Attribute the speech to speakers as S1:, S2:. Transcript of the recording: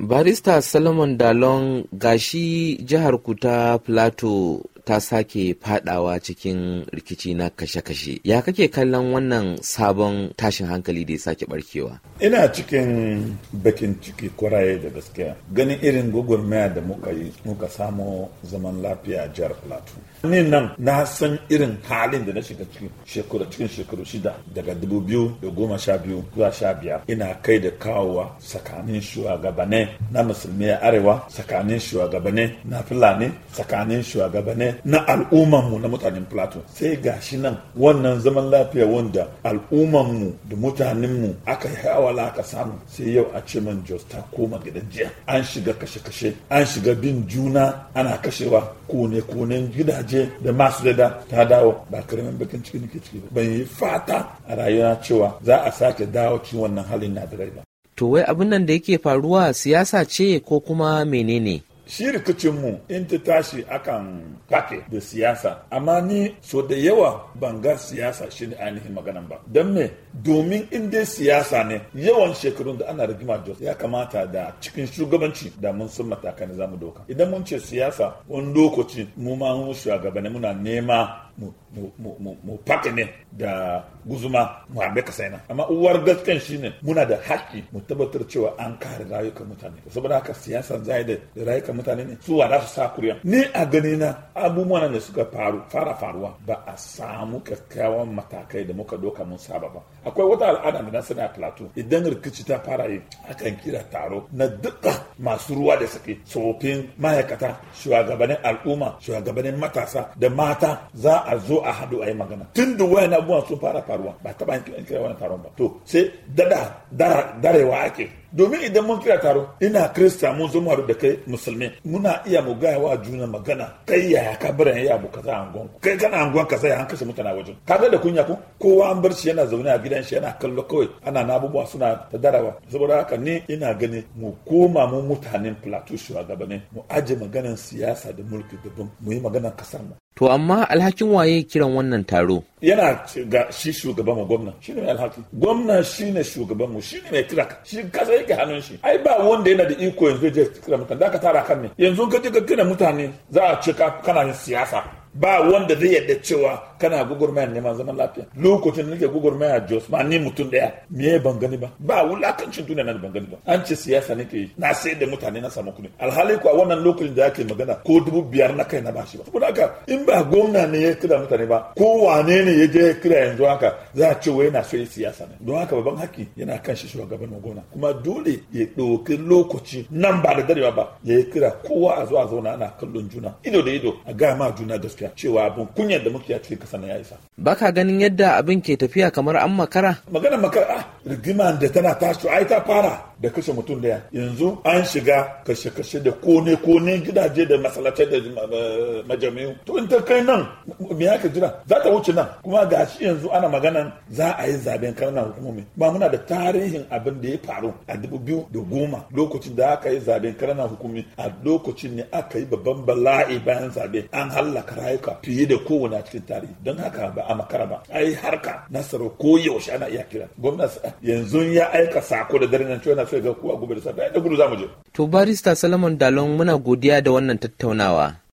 S1: barista salomon dalon gashi jihar ku ta plateau ta sake fadawa cikin rikici na kashe-kashe ya kake kallon wannan sabon tashin hankali da ya sake barkewa ina cikin bakin ciki kwaraye da gaskiya ganin irin gugurmaya da muka yi muka samu zaman lafiya a jihar plateau ni nan na san irin halin da na shiga cikin shekaru cikin shekaru shida daga dubu biyu da goma sha biyu zuwa sha biyar ina kai da kawowa tsakanin shugabanai na musulmi arewa tsakanin shugabanai na fulani tsakanin shugabanai na al'ummanmu na mutanen plateau sai ga shi nan wannan zaman lafiya wanda al'ummanmu da mutanenmu aka yi hawala aka samu sai yau a ce man jos ta koma gidan jiya an shiga kashe-kashe an shiga bin juna ana kashewa kone-konen gidaje da masu da ta dawo ba karamin bakin ciki nake ciki ba ban yi fata a rayuwa cewa za a sake dawo cikin wannan halin na da ba to wai abin nan da yake faruwa siyasa ce ko kuma menene shi mu in ta tashi akan kake da siyasa amma ni so da yawa ban ga siyasa shi ne ainihin maganan ba don me domin in dai siyasa ne yawan shekarun da ana rigima jos ya kamata da cikin shugabanci da mun sun matakan zamu doka idan mun ce siyasa wani lokaci mu ma mu shugabanni muna nema mu ne da guzuma mu hambe ka sai amma uwar gaskan shine muna da haƙƙi mu tabbatar cewa an kare rayukan mutane saboda haka siyasa zai da rayukan mutane ne su wada su sa kuriya ni a gani na abubuwan da suka faru fara faruwa ba a samu kyakkyawan matakai da muka doka mun saba ba akwai wata al'ada da na sani a plateau idan rikici ta fara yi akan kira taro na duka masu ruwa da suke tsofin ma'aikata shugabannin al'umma shugabannin matasa da mata za a zo a haɗu a yi magana tun da wayan abubuwan sun fara faruwa ba taɓa in kira wani taron ba to sai dada darewa ake domin idan mun kira taro ina kirista mun zo da kai musulmi muna iya mu gaya wa juna magana kai yaya ka bar yayi abu kaza angon kai kana angon kaza ya an kashe mutane wajen ka ga da kunya ko kowa an bar shi yana zaune a gidan shi yana kallo kawai ana na abubuwa suna ta darawa saboda haka ni ina gani mu koma mu mutanen plateau shugabanni mu aje maganan siyasa da mulki daban mu yi maganan kasar mu to amma alhakin waye kiran wannan taro yana ga shi shugaban mu gwamna shi ne alhaki gwamna shi ne shugaban mu shi ne mai kira shi kasa yake hannun shi ai ba wanda yana da iko yanzu je kira mutane da ka tara kan ne yanzu ka je ka kira mutane za a ce kana yin siyasa ba wanda zai yadda cewa kana gugurmayar neman zaman lafiya lokacin da nake gugurmayar jos ma ni mutum daya me ban gani ba ba wulakancin duniya na ban gani ba an ce siyasa nake yi na sai da mutane na samu kuɗi alhali kuwa wannan lokacin da ake magana ko dubu biyar na kai na bashi ba saboda haka in ba gwamna ne ya kira mutane ba ko wane ne ya je ya kira yanzu haka za a ce wai yana so siyasa ne don haka babban haƙƙi yana kan shi shugaban gona kuma dole ya ɗauki lokaci nan ba da darewa ba ya yi kira kowa a zuwa zauna ana kallon juna ido da ido a gaya ma juna gaskiya Najeriya cewa abin kunyar da muke a cikin kasar ya isa. Baka ganin yadda abin ke tafiya kamar an makara? Maganar makara ah, rigiman da tana tashi ai ta fara da kashe mutum daya yanzu an shiga kashe-kashe da kone-kone gidaje da masalace da majami'u to in ta kai nan me yake jira za ta wuce nan kuma ga shi yanzu ana maganan za a yi zaben karnan hukumomi ba muna da tarihin abin da ya faru a dubu biyu da goma lokacin da aka yi zaben karnan hukumomi a lokacin ne aka yi babban bala'i bayan zabe an hallaka rayuka fiye da kowane cikin tarihi don haka ba a makara ba ai harka nasarar ko yaushe ana iya kira gwamnati yanzu ya aika sako da dare nan cewa so ga ku gobe da safe da gudu za mu je to barista salomon dalon muna godiya da wannan tattaunawa